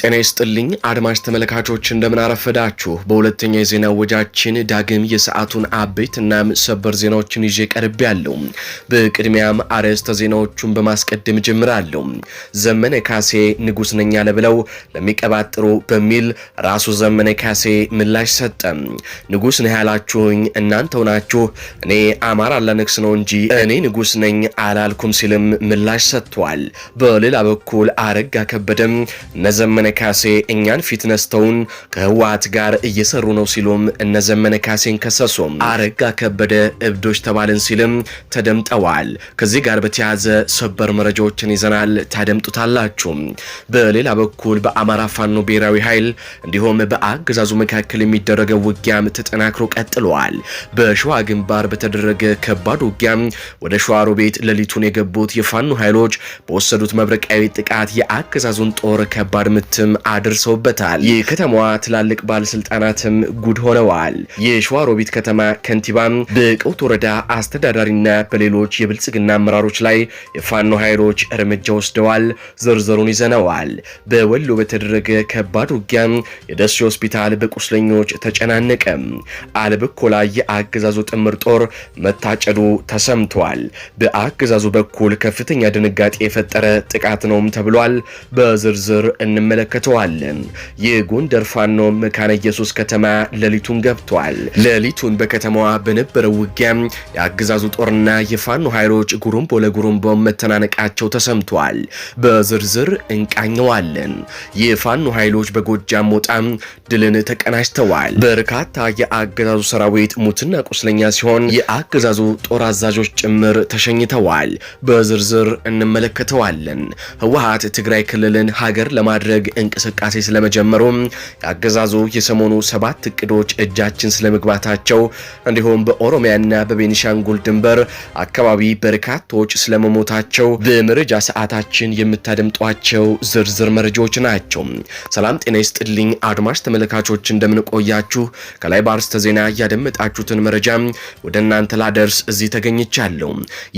ጤና ይስጥልኝ አድማጭ ተመልካቾች እንደምን አረፈዳችሁ። በሁለተኛ የዜና ወጃችን ዳግም የሰዓቱን አበይት እና ሰበር ዜናዎችን ይዤ ያለው። በቅድሚያም አርዕስተ ዜናዎቹን በማስቀደም ጀምራለሁ። ዘመነ ካሴ ንጉስ ነኝ አለ ብለው ለሚቀባጥሩ በሚል ራሱ ዘመነ ካሴ ምላሽ ሰጠ። ንጉስ ነህ ያላችሁኝ እናንተው ናችሁ፣ እኔ አማራ ላነግስ ነው እንጂ እኔ ንጉስ ነኝ አላልኩም ሲልም ምላሽ ሰጥቷል። በሌላ በኩል አረጋ ከበደም እነ ዘመነ ካሴ እኛን ፊት ነስተውን ከህወሓት ጋር እየሰሩ ነው ሲሉም እነ ዘመነ ካሴን ከሰሱ። አረጋ ከበደ እብዶች ተባልን ሲልም ተደምጠዋል። ከዚህ ጋር በተያያዘ ሰበር መረጃዎችን ይዘናል፣ ታደምጡታላችሁ። በሌላ በኩል በአማራ ፋኖ ብሔራዊ ኃይል እንዲሁም በአገዛዙ መካከል የሚደረገው ውጊያም ተጠናክሮ ቀጥሏል። በሸዋ ግንባር በተደረገ ከባድ ውጊያም ወደ ቤት ሌሊቱን የገቡት የፋኖ ኃይሎች በወሰዱት መብረቃዊ ጥቃት የአገዛዙን ጦር ከባድ ምት ጉዳትም አድርሰውበታል። የከተማዋ ትላልቅ ባለስልጣናትም ጉድ ሆነዋል። የሸዋሮቢት ከተማ ከንቲባም በቀውት ወረዳ አስተዳዳሪና በሌሎች የብልጽግና አመራሮች ላይ የፋኖ ኃይሎች እርምጃ ወስደዋል። ዝርዝሩን ይዘነዋል። በወሎ በተደረገ ከባድ ውጊያም የደሴ ሆስፒታል በቁስለኞች ተጨናነቀ። አልብኮ ላይ የአገዛዙ ጥምር ጦር መታጨዱ ተሰምቷል። በአገዛዙ በኩል ከፍተኛ ድንጋጤ የፈጠረ ጥቃት ነውም ተብሏል። በዝርዝር እንመለከ ተመልክተዋል። የጎንደር ፋኖ መካነ ኢየሱስ ከተማ ሌሊቱን ገብቷል። ሌሊቱን በከተማዋ በነበረው ውጊያ የአገዛዙ ጦርና የፋኖ ኃይሎች ጉሩምቦ ለጉሩምቦ መተናነቃቸው ተሰምቷል። በዝርዝር እንቃኘዋለን። የፋኖ ኃይሎች በጎጃም ሞጣም ድልን ተቀናጅተዋል። በርካታ የአገዛዙ ሰራዊት ሙትና ቁስለኛ ሲሆን የአገዛዙ ጦር አዛዦች ጭምር ተሸኝተዋል። በዝርዝር እንመለከተዋለን። ህወሀት ትግራይ ክልልን ሀገር ለማድረግ እንቅስቃሴ ስለመጀመሩ፣ የአገዛዙ የሰሞኑ ሰባት እቅዶች እጃችን ስለመግባታቸው እንዲሁም በኦሮሚያና በቤኒሻንጉል ድንበር አካባቢ በርካቶች ስለመሞታቸው በመረጃ ሰዓታችን የምታደምጧቸው ዝርዝር መረጃዎች ናቸው። ሰላም ጤና ይስጥልኝ አድማሽ ተመልካቾች እንደምንቆያችሁ ከላይ በአርስተ ዜና ያደመጣችሁትን መረጃ ወደ እናንተ ላደርስ እዚህ ተገኝቻለሁ።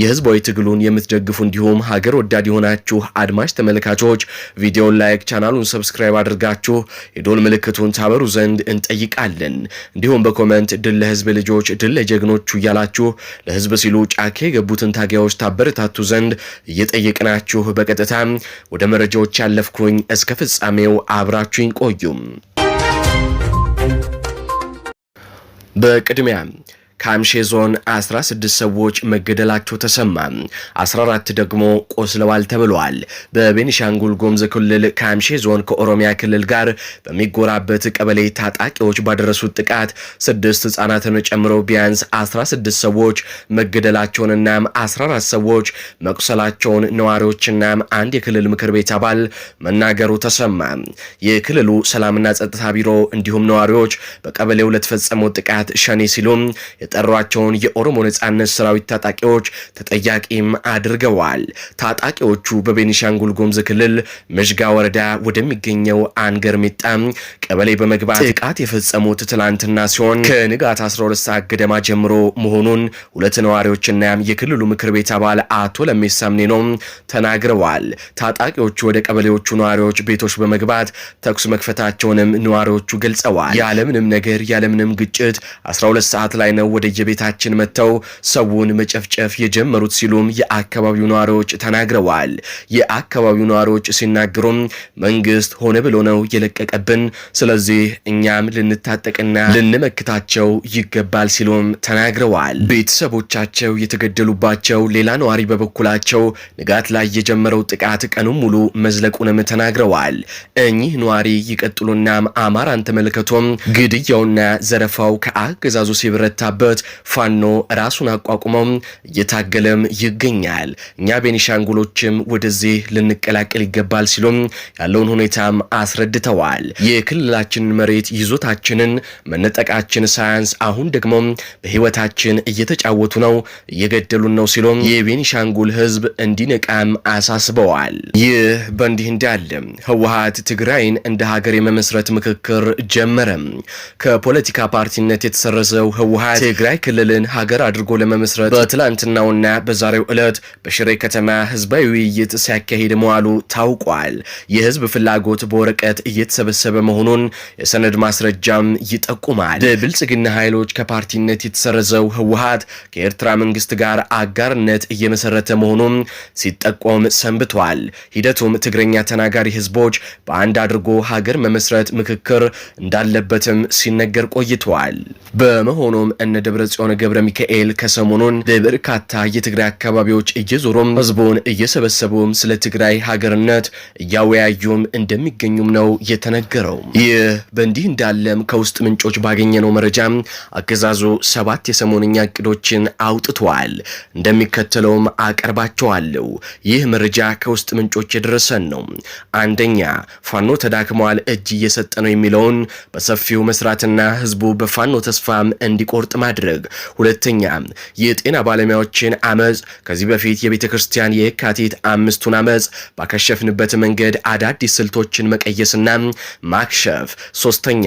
የህዝባዊ ትግሉን የምትደግፉ እንዲሁም ሀገር ወዳድ የሆናችሁ አድማሽ ተመልካቾች ቪዲዮን ላይክ ቻናሉን ሰብስክራይብ አድርጋችሁ የዶል ምልክቱን ታበሩ ዘንድ እንጠይቃለን። እንዲሁም በኮመንት ድል ለህዝብ ልጆች፣ ድል ለጀግኖቹ እያላችሁ ለህዝብ ሲሉ ጫካ የገቡትን ታጋዮች ታበረታቱ ዘንድ እየጠየቅናችሁ በቀጥታ ወደ መረጃዎች ያለፍኩኝ፣ እስከ ፍጻሜው አብራችሁኝ ቆዩም። በቅድሚያ ከአምሼ ዞን 16 ሰዎች መገደላቸው ተሰማ፣ 14 ደግሞ ቆስለዋል ተብለዋል። በቤኒሻንጉል ጉሙዝ ክልል ከአምሼ ዞን ከኦሮሚያ ክልል ጋር በሚጎራበት ቀበሌ ታጣቂዎች ባደረሱት ጥቃት ስድስት ህጻናትን ጨምሮ ቢያንስ 16 ሰዎች መገደላቸውንና 14 ሰዎች መቁሰላቸውን ነዋሪዎችና አንድ የክልል ምክር ቤት አባል መናገሩ ተሰማ። የክልሉ ሰላምና ጸጥታ ቢሮ እንዲሁም ነዋሪዎች በቀበሌው ለተፈጸመው ጥቃት ሸኔ ሲሉም የጠሯቸውን የኦሮሞ ነጻነት ሰራዊት ታጣቂዎች ተጠያቂም አድርገዋል። ታጣቂዎቹ በቤኒሻንጉል ጎምዝ ክልል መዥጋ ወረዳ ወደሚገኘው አንገር ሚጣ ቀበሌ በመግባት ጥቃት የፈጸሙት ትላንትና ሲሆን ከንጋት 12 ሰዓት ገደማ ጀምሮ መሆኑን ሁለት ነዋሪዎችና የክልሉ ምክር ቤት አባል አቶ ለሜሳምኔ ነው ተናግረዋል። ታጣቂዎቹ ወደ ቀበሌዎቹ ነዋሪዎች ቤቶች በመግባት ተኩስ መክፈታቸውንም ነዋሪዎቹ ገልጸዋል። ያለምንም ነገር ያለምንም ግጭት 12 ሰዓት ላይ ነው ወደየቤታችን መጥተው ሰውን መጨፍጨፍ የጀመሩት ሲሉም የአካባቢው ነዋሪዎች ተናግረዋል። የአካባቢው ነዋሪዎች ሲናገሩም መንግስት ሆነ ብሎ ነው የለቀቀብን፣ ስለዚህ እኛም ልንታጠቅና ልንመክታቸው ይገባል ሲሉም ተናግረዋል። ቤተሰቦቻቸው የተገደሉባቸው ሌላ ነዋሪ በበኩላቸው ንጋት ላይ የጀመረው ጥቃት ቀኑን ሙሉ መዝለቁንም ተናግረዋል። እኚህ ነዋሪ ይቀጥሉና አማራን ተመልከቶም ግድያውና ዘረፋው ከአገዛዙ ሲብረታ ባለበት ፋኖ ራሱን አቋቁመው እየታገለም ይገኛል። እኛ ቤኒሻንጉሎችም ወደዚህ ልንቀላቀል ይገባል ሲሉም ያለውን ሁኔታም አስረድተዋል። የክልላችንን መሬት ይዞታችንን መነጠቃችን ሳያንስ አሁን ደግሞ በህይወታችን እየተጫወቱ ነው፣ እየገደሉን ነው ሲሉም የቤኒሻንጉል ህዝብ እንዲነቃም አሳስበዋል። ይህ በእንዲህ እንዳለ ህወሀት ትግራይን እንደ ሀገር የመመስረት ምክክር ጀመረም። ከፖለቲካ ፓርቲነት የተሰረዘው ህወሀት የትግራይ ክልልን ሀገር አድርጎ ለመመስረት በትላንትናውና በዛሬው ዕለት በሽሬ ከተማ ህዝባዊ ውይይት ሲያካሂድ መዋሉ ታውቋል። የህዝብ ፍላጎት በወረቀት እየተሰበሰበ መሆኑን የሰነድ ማስረጃም ይጠቁማል። በብልጽግና ኃይሎች ከፓርቲነት የተሰረዘው ህወሀት ከኤርትራ መንግስት ጋር አጋርነት እየመሰረተ መሆኑም ሲጠቆም ሰንብቷል። ሂደቱም ትግረኛ ተናጋሪ ህዝቦች በአንድ አድርጎ ሀገር መመስረት ምክክር እንዳለበትም ሲነገር ቆይቷል። በመሆኑም እነ ደብረ ጽዮን ገብረ ሚካኤል ከሰሞኑን በበርካታ የትግራይ አካባቢዎች እየዞሩም ህዝቡን እየሰበሰቡም ስለ ትግራይ ሀገርነት እያወያዩም እንደሚገኙም ነው የተነገረው። ይህ በእንዲህ እንዳለም ከውስጥ ምንጮች ባገኘነው መረጃ አገዛዙ ሰባት የሰሞንኛ እቅዶችን አውጥተዋል። እንደሚከተለውም አቀርባቸዋለሁ። ይህ መረጃ ከውስጥ ምንጮች የደረሰን ነው። አንደኛ ፋኖ ተዳክመዋል፣ እጅ እየሰጠ ነው የሚለውን በሰፊው መስራትና ህዝቡ በፋኖ ተስፋም እንዲቆርጥ ማለት ማድረግ፣ ሁለተኛ የጤና ባለሙያዎችን አመፅ ከዚህ በፊት የቤተ ክርስቲያን የካቲት አምስቱን አመፅ ባከሸፍንበት መንገድ አዳዲስ ስልቶችን መቀየስና ማክሸፍ፣ ሶስተኛ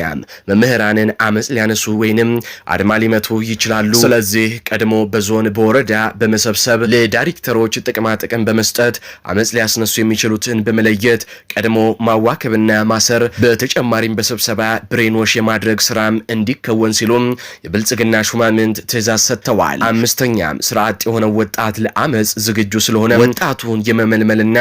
መምህራንን አመፅ ሊያነሱ ወይንም አድማ ሊመቱ ይችላሉ። ስለዚህ ቀድሞ በዞን በወረዳ በመሰብሰብ ለዳይሬክተሮች ጥቅማ ጥቅም በመስጠት አመፅ ሊያስነሱ የሚችሉትን በመለየት ቀድሞ ማዋከብና ማሰር፣ በተጨማሪም በስብሰባ ብሬንዎሽ የማድረግ ስራም እንዲከወን ሲሉም የብልጽግና ሹማምንት ትእዛዝ ሰጥተዋል። አምስተኛም ስርዓት የሆነው ወጣት ለአመፅ ዝግጁ ስለሆነ ወጣቱን የመመልመልና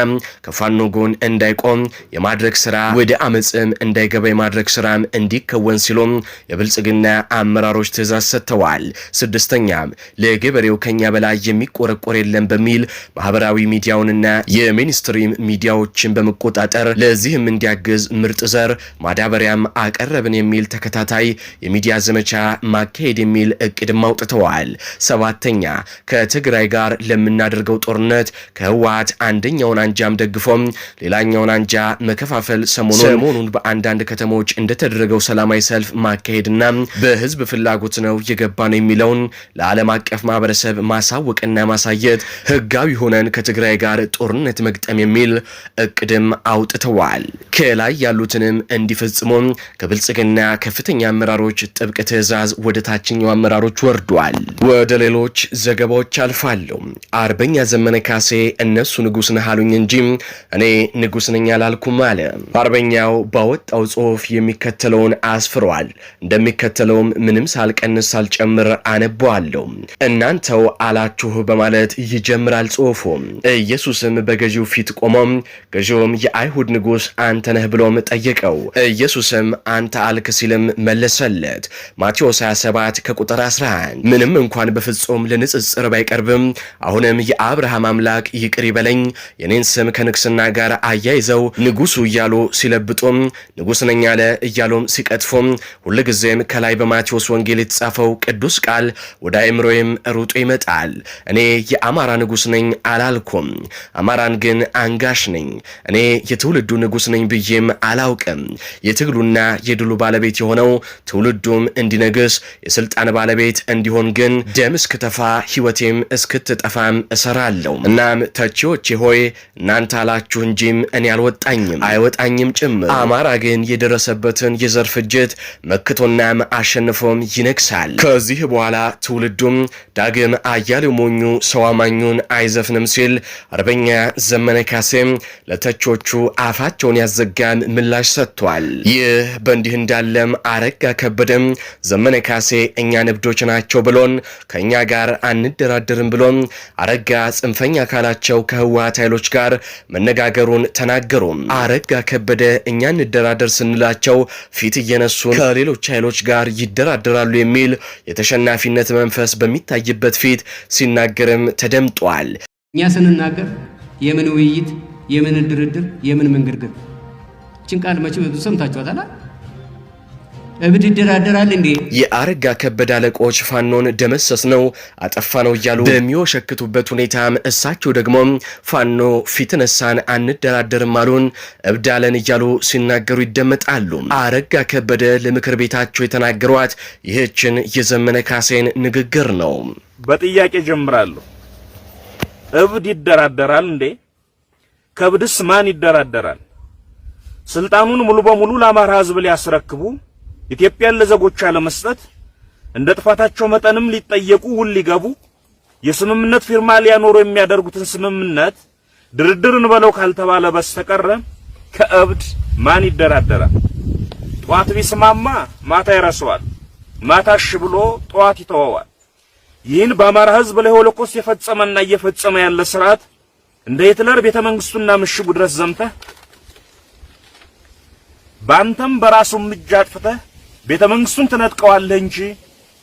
ከፋኖ ጎን እንዳይቆም የማድረግ ስራ ወደ አመፅም እንዳይገባ የማድረግ ስራም እንዲከወን ሲሉም የብልጽግና አመራሮች ትእዛዝ ሰጥተዋል። ስድስተኛም ለገበሬው ከኛ በላይ የሚቆረቆር የለም በሚል ማህበራዊ ሚዲያውንና የሚኒስትሪም ሚዲያዎችን በመቆጣጠር ለዚህም እንዲያግዝ ምርጥ ዘር ማዳበሪያም አቀረብን የሚል ተከታታይ የሚዲያ ዘመቻ ማካሄድ የሚል እቅድም አውጥተዋል። ሰባተኛ ከትግራይ ጋር ለምናደርገው ጦርነት ከህወሓት አንደኛውን አንጃም ደግፎም ሌላኛውን አንጃ መከፋፈል ሰሞኑን በአንዳንድ ከተሞች እንደተደረገው ሰላማዊ ሰልፍ ማካሄድና በህዝብ ፍላጎት ነው የገባ ነው የሚለውን ለዓለም አቀፍ ማህበረሰብ ማሳወቅና ማሳየት ህጋዊ ሆነን ከትግራይ ጋር ጦርነት መግጠም የሚል እቅድም አውጥተዋል። ከላይ ያሉትንም እንዲፈጽሙ ከብልጽግና ከፍተኛ አመራሮች ጥብቅ ትዕዛዝ ወደ ታችኛው አመራር አመራሮች ወርዷል። ወደ ሌሎች ዘገባዎች አልፋለሁ። አርበኛ ዘመነ ካሴ እነሱ ንጉስ ነህ አሉኝ እንጂ እኔ ንጉስ ነኝ አላልኩም አለ። አርበኛው ባወጣው ጽሁፍ የሚከተለውን አስፍሯል። እንደሚከተለውም ምንም ሳልቀንስ ሳልጨምር አነበዋለሁ። እናንተው አላችሁ በማለት ይጀምራል ጽሁፉ። ኢየሱስም በገዢው ፊት ቆሞም ገዢውም የአይሁድ ንጉስ አንተ ነህ ብሎም ጠየቀው። ኢየሱስም አንተ አልክ ሲልም መለሰለት። ማቴዎስ 27 ከቁጥር 11 ምንም እንኳን በፍጹም ለንጽጽር ባይቀርብም አሁንም የአብርሃም አምላክ ይቅር ይበለኝ የኔን ስም ከንግስና ጋር አያይዘው ንጉሱ እያሉ ሲለብጡም ንጉስ ነኝ አለ እያሉም ሲቀጥፉም ሁልጊዜም ከላይ በማቴዎስ ወንጌል የተጻፈው ቅዱስ ቃል ወደ አእምሮዬም ሩጦ ይመጣል። እኔ የአማራ ንጉስ ነኝ አላልኩም። አማራን ግን አንጋሽ ነኝ እኔ የትውልዱ ንጉስ ነኝ ብዬም አላውቅም። የትግሉና የድሉ ባለቤት የሆነው ትውልዱም እንዲነግስ የስልጣን ባለቤት እንዲሆን ግን ደም እስክተፋ ህይወቴም እስክትጠፋም እሰራለሁ። እናም ተቺዎቼ ሆይ እናንተ አላችሁ እንጂም እኔ አልወጣኝም አይወጣኝም ጭምር። አማራ ግን የደረሰበትን የዘር ፍጅት መክቶናም አሸንፎም ይነግሳል። ከዚህ በኋላ ትውልዱም ዳግም አያሌው ሞኙ ሰው አማኙን አይዘፍንም ሲል አርበኛ ዘመነ ካሴም ለተቾቹ አፋቸውን ያዘጋም ምላሽ ሰጥቷል። ይህ በእንዲህ እንዳለም አረጋ ከበደም ዘመነ ካሴ እኛን እብዶች ናቸው ብሎን ከእኛ ጋር አንደራደርም ብሎን አረጋ ጽንፈኛ ካላቸው ከህወሀት ኃይሎች ጋር መነጋገሩን ተናገሩ። አረጋ ከበደ እኛ እንደራደር ስንላቸው ፊት እየነሱን ከሌሎች ኃይሎች ጋር ይደራደራሉ የሚል የተሸናፊነት መንፈስ በሚታይበት ፊት ሲናገርም ተደምጧል። እኛ ስንናገር የምን ውይይት፣ የምን ድርድር፣ የምን መንግርግር ችን ቃል መቼም ሰምታችኋታል። እብድ ይደራደራል እንዴ? የአረጋ ከበደ አለቆች ፋኖን ደመሰስ ነው አጠፋ ነው እያሉ በሚወሸክቱበት ሁኔታ እሳቸው ደግሞ ፋኖ ፊትነሳን አንደራደርም አሉን እብድ አለን እያሉ ሲናገሩ ይደመጣሉ። አረጋ ከበደ ለምክር ቤታቸው የተናገሯት ይህችን የዘመነ ካሴን ንግግር ነው። በጥያቄ ጀምራሉ። እብድ ይደራደራል እንዴ? ከብድስ ማን ይደራደራል? ስልጣኑን ሙሉ በሙሉ ለአማራ ህዝብ ሊያስረክቡ ኢትዮጵያን ለዜጎቿ ለመስጠት እንደ ጥፋታቸው መጠንም ሊጠየቁ ውል ሊገቡ የስምምነት ፊርማ ሊያኖሩ የሚያደርጉትን ስምምነት ድርድርን በለው ካልተባለ በስተቀረ ከእብድ ማን ይደራደራል? ጠዋት ቢስማማ ማታ ይረሳዋል፣ ማታ እሺ ብሎ ጠዋት ይተወዋል። ይህን በአማራ ሕዝብ ላይ ሆሎኮስት የፈጸመና እየፈጸመ ያለ ስርዓት እንደ ሂትለር ቤተ መንግስቱና ምሽጉ ድረስ ዘምተህ በአንተም በራሱ እምጃ አጥፍተህ ቤተ መንግስቱን ትነጥቀዋለህ እንጂ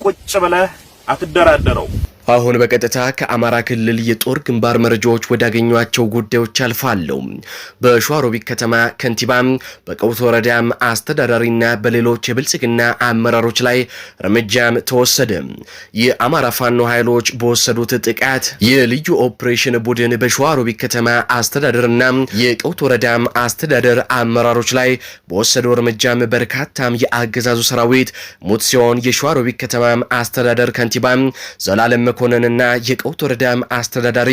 ቁጭ ብለህ አትደራደረው። አሁን በቀጥታ ከአማራ ክልል የጦር ግንባር መረጃዎች ወዳገኟቸው ጉዳዮች አልፋለሁ። በሸዋሮቢት ከተማ ከንቲባም በቀውት ወረዳም አስተዳዳሪና በሌሎች የብልጽግና አመራሮች ላይ እርምጃም ተወሰደ። የአማራ ፋኖ ኃይሎች በወሰዱት ጥቃት የልዩ ኦፕሬሽን ቡድን በሸዋሮቢት ከተማ አስተዳደርና የቀውት ወረዳም አስተዳደር አመራሮች ላይ በወሰደው እርምጃም በርካታም የአገዛዙ ሰራዊት ሙት ሲሆን የሸዋሮቢት ከተማም አስተዳደር ከንቲባም ዘላለም መኮንንና የቀውት ወረዳም አስተዳዳሪ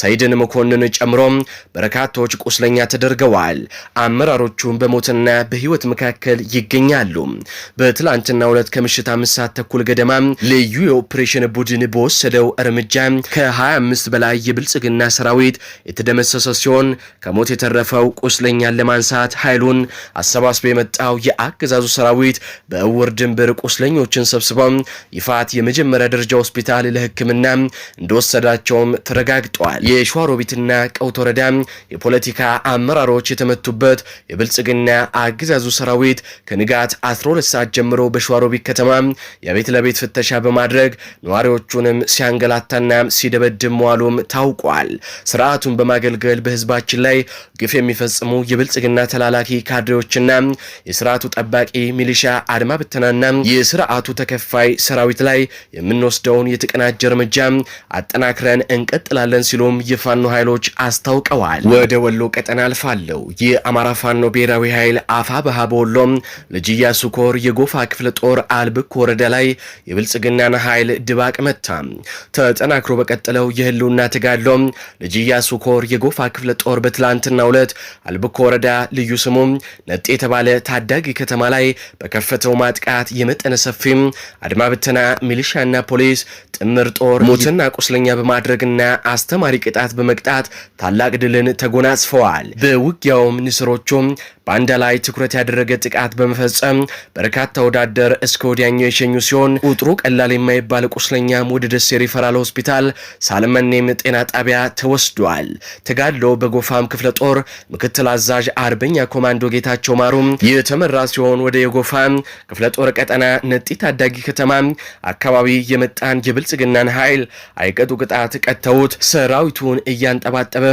ሰይድን መኮንን ጨምሮ በርካቶች ቁስለኛ ተደርገዋል። አመራሮቹም በሞትና በህይወት መካከል ይገኛሉ። በትላንትና ሁለት ከምሽት አምስት ሰዓት ተኩል ገደማ ልዩ የኦፕሬሽን ቡድን በወሰደው እርምጃ ከ25 በላይ የብልጽግና ሰራዊት የተደመሰሰ ሲሆን ከሞት የተረፈው ቁስለኛን ለማንሳት ኃይሉን አሰባስቦ የመጣው የአገዛዙ ሰራዊት በእውር ድንብር ቁስለኞችን ሰብስበው ይፋት የመጀመሪያ ደረጃ ሆስፒታል ለህክምና ሕክምና እንደወሰዳቸውም ተረጋግጧል። የሸዋሮቢትና ቀውት ወረዳ የፖለቲካ አመራሮች የተመቱበት የብልጽግና አገዛዙ ሰራዊት ከንጋት 12 ሰዓት ጀምሮ በሸዋሮቢት ከተማ የቤት ለቤት ፍተሻ በማድረግ ነዋሪዎቹንም ሲያንገላታና ሲደበድም መዋሉም ታውቋል። ስርዓቱን በማገልገል በህዝባችን ላይ ግፍ የሚፈጽሙ የብልጽግና ተላላኪ ካድሬዎችና የስርዓቱ ጠባቂ ሚሊሻ አድማ ብተናና የስርዓቱ ተከፋይ ሰራዊት ላይ የምንወስደውን የተቀናጀ የተቀናጀ እርምጃ አጠናክረን እንቀጥላለን ሲሉም የፋኖ ኃይሎች አስታውቀዋል። ወደ ወሎ ቀጠና አልፋለሁ። የአማራ ፋኖ ብሔራዊ ኃይል አፋ በሃ በወሎም ልጅ ኢያሱ ኮር የጎፋ ክፍለ ጦር አልብኮ ወረዳ ላይ የብልጽግናን ኃይል ድባቅ መታ። ተጠናክሮ በቀጠለው የህልውና ተጋድሎም ልጅ ኢያሱ ኮር የጎፋ ክፍለ ጦር በትላንትና ሁለት አልብኮ ወረዳ ልዩ ስሙ ነጤ የተባለ ታዳጊ ከተማ ላይ በከፈተው ማጥቃት የመጠነ ሰፊም አድማ ብተና ሚሊሻና ፖሊስ ጥምር ጦር ሙትና ቁስለኛ በማድረግና አስተማሪ ቅጣት በመቅጣት ታላቅ ድልን ተጎናጽፈዋል። በውጊያውም ንስሮቹም በአንዳ ላይ ትኩረት ያደረገ ጥቃት በመፈጸም በርካታ ወዳደር እስከ ወዲያኛው የሸኙ ሲሆን ቁጥሩ ቀላል የማይባል ቁስለኛም ወደ ደሴ ሪፈራል ሆስፒታል ሳልመኔም ጤና ጣቢያ ተወስዷል። ተጋድሎ በጎፋም ክፍለ ጦር ምክትል አዛዥ አርበኛ ኮማንዶ ጌታቸው ማሩም የተመራ ሲሆን ወደ የጎፋም ክፍለ ጦር ቀጠና ነጢ ታዳጊ ከተማ አካባቢ የመጣን የብልጽግና የኢትዮጵያን ኃይል አይቀጡ ቅጣት ቀጥተውት ሰራዊቱን እያንጠባጠበ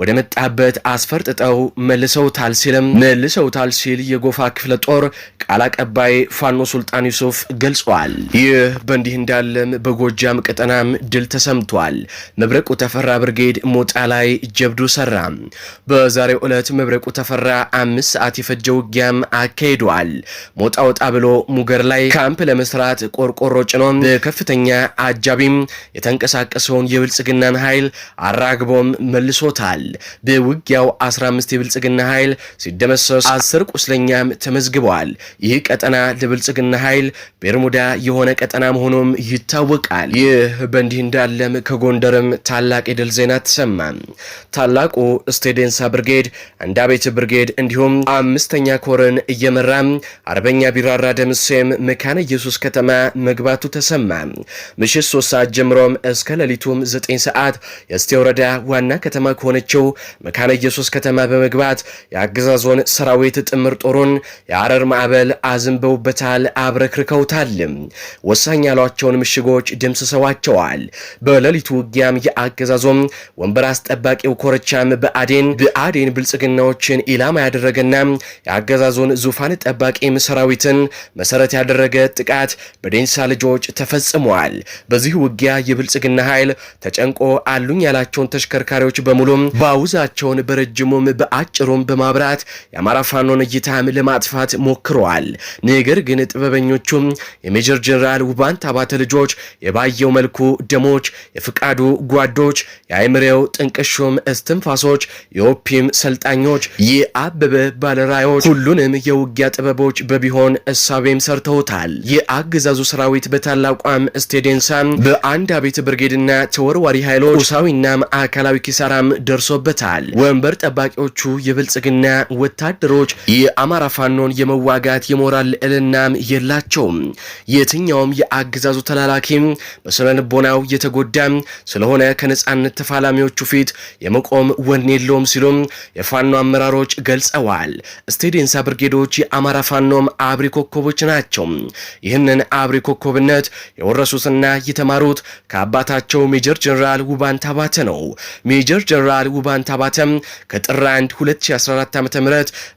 ወደ መጣበት አስፈርጥጠው መልሰውታል ሲልም መልሰውታል ሲል የጎፋ ክፍለ ጦር ቃል አቀባይ ፋኖ ሱልጣን ዩሱፍ ገልጿል። ይህ በእንዲህ እንዳለም በጎጃም ቀጠናም ድል ተሰምቷል። መብረቁ ተፈራ ብርጌድ ሞጣ ላይ ጀብዱ ሰራ። በዛሬው ዕለት መብረቁ ተፈራ አምስት ሰዓት የፈጀ ውጊያም አካሂዷል። ሞጣ ወጣ ብሎ ሙገር ላይ ካምፕ ለመስራት ቆርቆሮ ጭኖ በከፍተኛ አጃቢም የተንቀሳቀሰውን የብልጽግናን ኃይል አራግቦም መልሶታል። በውጊያው 15 የብልጽግና ኃይል ሲደመሰስ አስር ቁስለኛም ተመዝግበዋል። ይህ ቀጠና ለብልጽግና ኃይል ቤርሙዳ የሆነ ቀጠና መሆኑም ይታወቃል። ይህ በእንዲህ እንዳለም ከጎንደርም ታላቅ የድል ዜና ተሰማ። ታላቁ ስቴደንሳ ብርጌድ፣ እንዳቤት ብርጌድ እንዲሁም አምስተኛ ኮርን እየመራ አርበኛ ቢራራ ደምሴም መካነ ኢየሱስ ከተማ መግባቱ ተሰማ። ምሽት ሶስት ሰዓት ጀምሮም እስከ ሌሊቱም 9 ሰዓት የእስቴ ወረዳ ዋና ከተማ ከሆነችው መካነ ኢየሱስ ከተማ በመግባት የአገዛዞን ሰራዊት ጥምር ጦሩን የአረር ማዕበል አዝንበውበታል፣ አብረክርከውታል። ወሳኝ ያሏቸውን ምሽጎች ደምስሰዋቸዋል። በሌሊቱ ውጊያም የአገዛዞም ወንበር አስጠባቂው ኮረቻም በአዴን በአዴን ብልጽግናዎችን ኢላማ ያደረገና የአገዛዞን ዙፋን ጠባቂም ሰራዊትን መሰረት ያደረገ ጥቃት በዴንሳ ልጆች ተፈጽሟል። በዚህ ውጊያ የብልጽግና ኃይል ተጨንቆ አሉኝ ያላቸውን ተሽከርካሪዎች በሙሉም ባውዛቸውን በረጅሙም በአጭሩም በማብራት የአማራ ፋኖን እይታም ለማጥፋት ሞክረዋል። ነገር ግን ጥበበኞቹም የሜጀር ጀኔራል ውባንት አባተ ልጆች፣ የባየው መልኩ ደሞች፣ የፍቃዱ ጓዶች፣ የአይምሬው ጥንቅሹም እስትንፋሶች፣ የኦፒም ሰልጣኞች፣ የአበበ ባለራዮች ሁሉንም የውጊያ ጥበቦች በቢሆን እሳቤም ሰርተውታል። የአገዛዙ ሰራዊት በታላቋም ስቴዴንሳ አንድ አቤት ብርጌድና ተወርዋሪ ኃይሎች ቁሳዊና ማዕከላዊ ኪሳራም ደርሶበታል። ወንበር ጠባቂዎቹ የብልጽግና ወታደሮች የአማራ ፋኖን የመዋጋት የሞራል ልዕልናም የላቸውም። የትኛውም የአገዛዙ ተላላኪም በስነ ልቦናው የተጎዳም ስለሆነ ከነጻነት ተፋላሚዎቹ ፊት የመቆም ወን የለውም ሲሉም የፋኖ አመራሮች ገልጸዋል። ስቴዲንሳ ብርጌዶች የአማራ ፋኖም አብሪ ኮከቦች ናቸው። ይህንን አብሪ ኮከብነት የወረሱትና የተማሩ የጀመሩት ከአባታቸው ሜጀር ጀነራል ውባን ታባተ ነው። ሜጀር ጀነራል ውባን አባተም ከጥር 1 2014 ዓ ም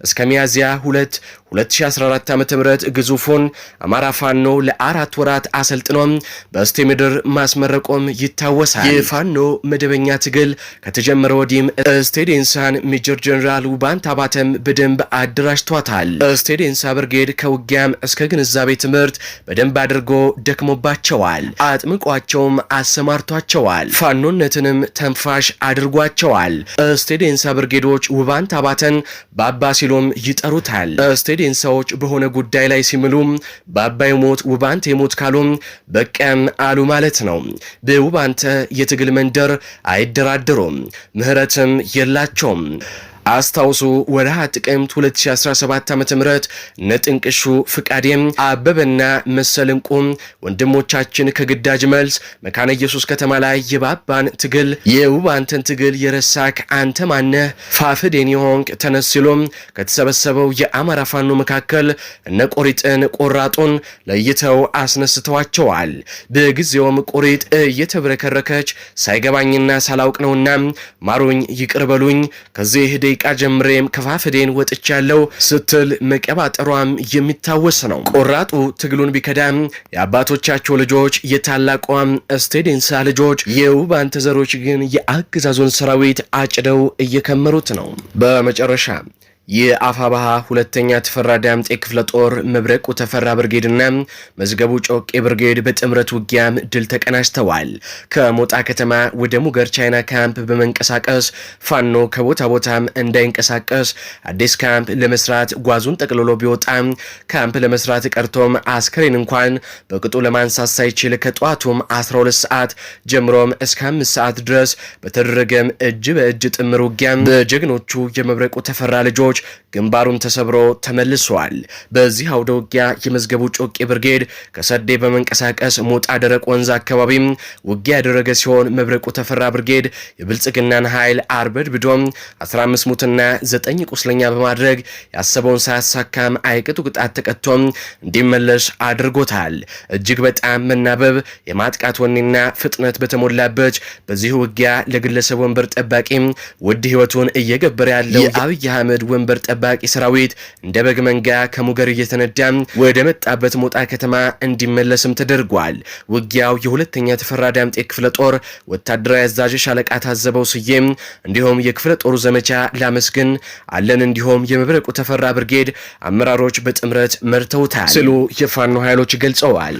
እስከ ሚያዝያ 2 2014 ዓ.ም ግዙፉን አማራ ፋኖ ለአራት ወራት አሰልጥኖም በስቴ ምድር ማስመረቆም ይታወሳል። የፋኖ መደበኛ ትግል ከተጀመረ ወዲህም ስቴዴንሳን ሜጀር ጀኔራል ውባንት አባተም በደንብ አደራጅቷታል። ስቴዴንሳ ብርጌድ ከውጊያም እስከ ግንዛቤ ትምህርት በደንብ አድርጎ ደክሞባቸዋል፣ አጥምቋቸውም አሰማርቷቸዋል። ፋኖነትንም ተንፋሽ አድርጓቸዋል። ስቴዴንሳ ብርጌዶች ውባንት አባተን ባባ ሲሉም ይጠሩታል። ሰዎች በሆነ ጉዳይ ላይ ሲምሉ በአባይ ሞት ውባንተ የሞት ካሉ በቀን አሉ ማለት ነው። በውባንተ የትግል መንደር አይደራደሩም፣ ምህረትም የላቸውም። አስታውሱ ወርሃ ጥቅምት 2017 ዓ ም ነጥንቅሹ ፍቃዴም አበበና መሰል ወንድሞቻችን ከግዳጅ መልስ መካነ ኢየሱስ ከተማ ላይ የባባን ትግል የውባንተን ትግል የረሳክ አንተ ማነህ ፋፍዴን የሆንክ ተነስ ከተሰበሰበው የአማራ ፋኖ መካከል እነ ቆሪጥን ቆራጡን ለይተው አስነስተዋቸዋል። በጊዜውም ቆሪጥ እየተብረከረከች ሳይገባኝና ሳላውቅ ነውና ማሩኝ ይቅርበሉኝ ከዚህ ደቂቃ ደቂቃ ጀምሬም ከፋፍዴን ወጥቻለሁ ስትል መቀባጠሯም የሚታወስ ነው። ቆራጡ ትግሉን ቢከዳም የአባቶቻቸው ልጆች የታላቋም ስቴዴንሳ ልጆች የውባን ተዘሮች ግን የአገዛዙን ሰራዊት አጭደው እየከመሩት ነው። በመጨረሻ የአፋባሃ ሁለተኛ ተፈራ ዳምጤ ክፍለ ጦር መብረቁ ተፈራ ብርጌድና መዝገቡ ጮቄ ብርጌድ በጥምረት ውጊያም ድል ተቀናጅተዋል። ከሞጣ ከተማ ወደ ሙገር ቻይና ካምፕ በመንቀሳቀስ ፋኖ ከቦታ ቦታም እንዳይንቀሳቀስ አዲስ ካምፕ ለመስራት ጓዙን ጠቅልሎ ቢወጣም ካምፕ ለመስራት ቀርቶም አስክሬን እንኳን በቅጡ ለማንሳት ሳይችል ከጠዋቱም 12 ሰዓት ጀምሮም እስከ 5 ሰዓት ድረስ በተደረገም እጅ በእጅ ጥምር ውጊያም በጀግኖቹ የመብረቁ ተፈራ ልጆች ግንባሩን ተሰብሮ ተመልሷል። በዚህ አውደ ውጊያ የመዝገቡ ጮቄ ብርጌድ ከሰዴ በመንቀሳቀስ ሞጣ ደረቅ ወንዝ አካባቢም ውጊያ ያደረገ ሲሆን መብረቁ ተፈራ ብርጌድ የብልጽግናን ኃይል አርበድ ብዶም 15 ሙትና 9 ቁስለኛ በማድረግ ያሰበውን ሳያሳካም አይቅጡ ቅጣት ተቀጥቶም እንዲመለስ አድርጎታል። እጅግ በጣም መናበብ፣ የማጥቃት ወኔና ፍጥነት በተሞላበት በዚህ ውጊያ ለግለሰብ ወንበር ጠባቂም ውድ ህይወቱን እየገበረ ያለው የአብይ አህመድ ወንበር ድንበር ጠባቂ ሰራዊት እንደ በግ መንጋ ከሙገር እየተነዳም ወደ መጣበት ሞጣ ከተማ እንዲመለስም ተደርጓል። ውጊያው የሁለተኛ ተፈራ ዳምጤ ክፍለ ጦር ወታደራዊ አዛዥ ሻለቃ ታዘበው ስዬም እንዲሁም የክፍለ ጦሩ ዘመቻ ላመስግን አለን እንዲሁም የመብረቁ ተፈራ ብርጌድ አመራሮች በጥምረት መርተውታል ስሉ የፋኖ ኃይሎች ገልጸዋል።